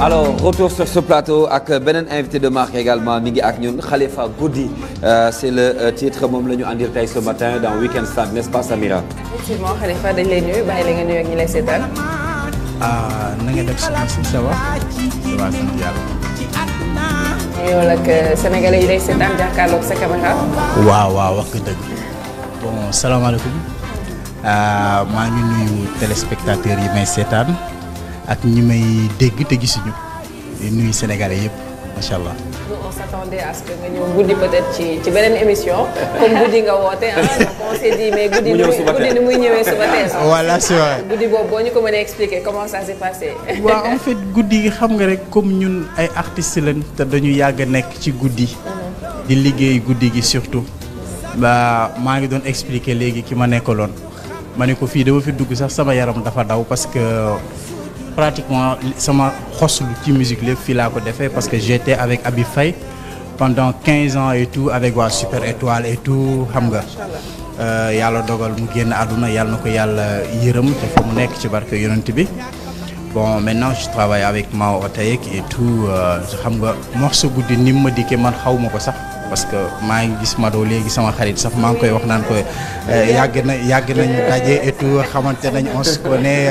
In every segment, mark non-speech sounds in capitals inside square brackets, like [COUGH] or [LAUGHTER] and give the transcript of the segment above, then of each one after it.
alors retour sur ce plateau ak beneen invité de marque également mi ngi ak ñun xalifa Goudi euh, c'est le euh, titre moom la ñu àndil tey ce matin dans Weekend Stars n'est-ce pas Samira. effectivement dañ lay nuyu bàyyi la nga nuyu ak ñi lay seetaan. ah na nga def soxna si ça va. ça va sant yàlla. ñoo la ak euh, sénégalais yi lay seetaan jàkkaarloog sa caméra. waaw waaw wax nga dëgg bon salaamaaleykum maa ngi nuyu téléspectateurs yi may seetaan. ak ñi may dégg te gisuñu di nuyu sénégalais yëpp macha allah. nous guddi peut ci ci beneen émission. comme [LAUGHS] boobu boo ñu ko mënee expliquer comment ça s'est passé. [LAUGHS] waaw en fait guddi gi xam nga rek comme ñun ay artistes lañ te dañu yàgg nekk ci guddi. Mhm. di liggéey guddi gi surtout. ba maa ngi doon expliquer léegi ki ma nekkaloon ma ne ko fii dama fi dugg sax sama yaram dafa daw parce que. pratiquement sama xoslu ci musique lépp fii laa ko defee parce que j'étais avec Abi Faye pendant quinze ans et tout avec waa Super Étoile et tout xam nga euh, yàlla dogal mu génn àdduna yàlla na ko yàlla yërëm te fa mu nekk ci barke yonent bi bon maintenant je travaille avec Mao Otayek et tout euh, xam nga morceau guddi ni mu ma dikkee man xaw ma ko sax parce que maa ngi gis Mado léegi sama xarit sax maa ngi koy wax naan ko euh, yàgg na yàgg nañu daje et xamante nañ on se connaît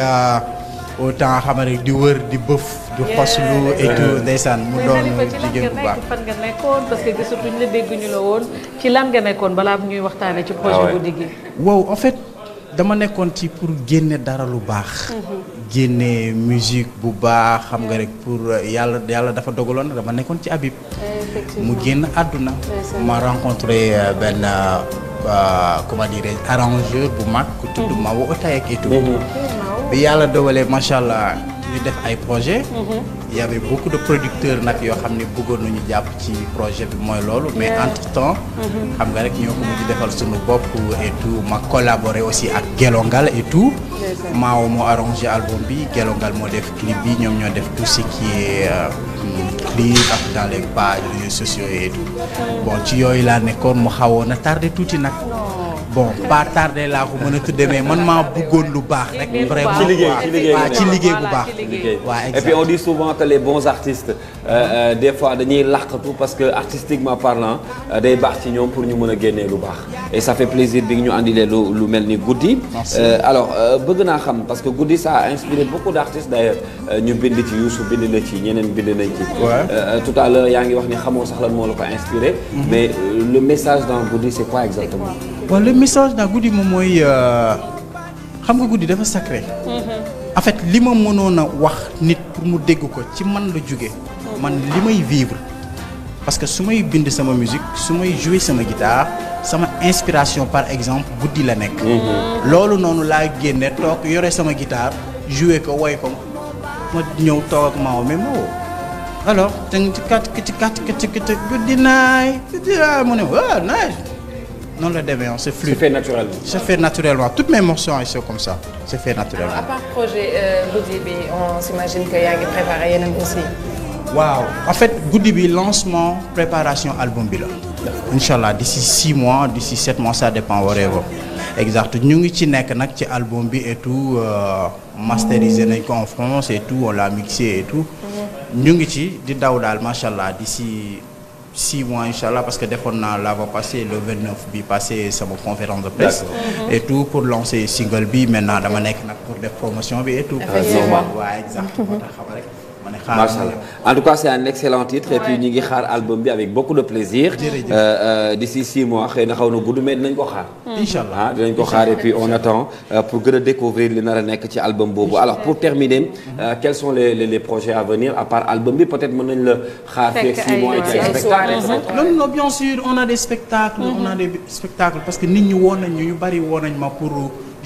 au temps xam rek di wër di bëf di xoslu et tout ndeysaan mu doon jigéen bu baax fan nga nekkoon parce que gisatuñ la dégguñu la woon ci lan nga nekkoon balaa bu ñuy waxtaanee ci projet bu ah digg waaw en fait dama nekkoon ci pour génne dara lu baax mhm. génne musique bu baax xam nga rek pour euh, yàlla yàlla dafa dogaloon dama nekkoon ci Habib mu génn àdduna ma rencontré euh, benn euh, comment dire arrangeur bu mag ku tudd mhm. Mawo Otaek et tout mhm. bi yàlla dogalee macha allah ñu def ay projet mhm. y avait beaucoup de producteurs nag yoo xam ne bëggoon nañu jàpp ci projet bi mooy loolu mais entre temps mhm. xam nga rek ñoo ko mujj defal suñu bopp et tout ma collaboré aussi ak Gelongal et tout Mao moo arrangé album bi Gelongal moo def clip bi ñoom ñoo def tout ce qui est euh, clip ak dans les pages réseaux sociaux et mhm. bon ci yooyu laa nekkoon mu xawoon a tardé tuuti nag bon pas tardé laa ko mën a tuddee mais man maa bëggoon lu baax rek. vraiment ci liggéey waaw ci liggéey bu baax. waaw et puis on dit souvent que les bons artistes euh, euh, des fois dañuy làqatu parce que artistiquement parlant euh, day baax ci ñoom pour ñu mën a génnee lu baax. et ça fait plaisir bi ñu andilee lu lu mel ni guddi. Euh, alors bëgg naa xam parce que guddi ça a inspiré beaucoup d'artistes d'ailleurs ñu bind ci Youssou bind na ci ñeneen bind nañ ci. tout à l'heure yaa ngi wax ni xamoo sax lan moo la ko inspiré. Mhm. mais le message dans guddi c'est quoi exactement. waaw le message naa guddi moom mooy xam nga guddi dafa sacré en fait li ma mënoon a wax nit pour mu dégg ko ci man la jóge man li may vivre parce que su may bind sama musique su may jouer sama guitare sama inspiration par exemple guddi la nekk loolu noonu laa génne toog yore sama guitare jouer ko woy ko ma ñëw toog ak Mao mais Mao alors te ci kat ci kat ci kat guddi naay guddi naay mu ne waaw naay noonu la demee on se fluide. se fait naturellement se fait naturellement toutes mes morceaux sont comme ça se fait naturellement. Euh, guddi bi on s'imagine waaw en fait guddi bi lancement préparation album bi la. incha allah d'ici six mois d'ici sept mois ça dépend whatever exact ñu ngi ci nekk nag ci album bi et tout euh, masterisé nañ ko en France et tout on l'a mixé et tout. Mhm. ñu ngi ci di daw daal macha allah d'ici. six mois incha allah parce que defoon naa la va passer le 29 bi passé sama conférence de presse. Mhm. et tout pour lancer single bi maintenant dama nekk nag pour def promotion bi et tout. effectivement waaw exact mhm. moo tax xam rek. macha allah en tout cas c' un excellent titre et puis ngi xaar album bi avec beaucoup de plaisir. d' ici 6 mois xëy na xaw gudd mais dinañ ko xaar. Hmm. incha allah ah, dinañ ko xaar et puis on attend euh, pour gën a découvrir li nar a nekk ci album boobu. alors pour terminer. Hmm. Euh, quels sont les les projets à venir à part album bi peut être mën nañ la xaar. fekk ay ay spectacles bien sûr on a des spectacles. on a hmm. des spectacles parce que nit ñi woon nañ ñu ñu bari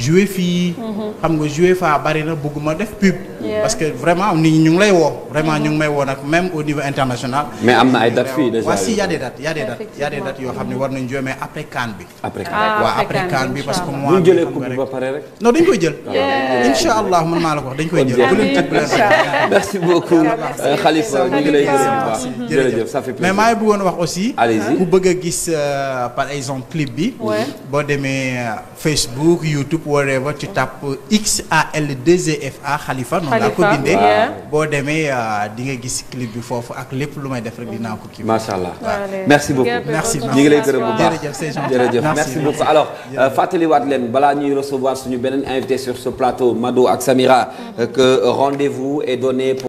joué fii. Mhm. xam nga joué faa bari na def pub. parce que vraiment nit ñi ñu ngi lay woo. vraiment mhm. ñu ngi may woo nag même au niveau international. mais am na ay dates fii déjà. waaw si y a des dates y a des dates y a des dates yoo xam ne war nañ joué mais après CAN bi. après ah, parce que. mois bi ba pare maa la ko wax dañ koy jël. bu leen teg bu leen [LAUGHS] [LAUGHS] merci euh, wax aussi. ku bëgg a gis euh, par exemple clip bi. boo demee euh, Facebook YouTube whatever tu tapes X A L 2 e Khalifa noonu laa ko bindee boo demee euh, di nga gis clip bi foofu ak lépp lu may def rek dinaa ko kii. macha allah merci beaucoup merci ñu ngi lay gërëm bu baax jërëjëf merci beaucoup alors euh, fàttaliwaat leen balaa ñuy recevoir suñu beneen invité sur ce plateau Mado ak Samira mm. euh, que rendez-vous est donné pour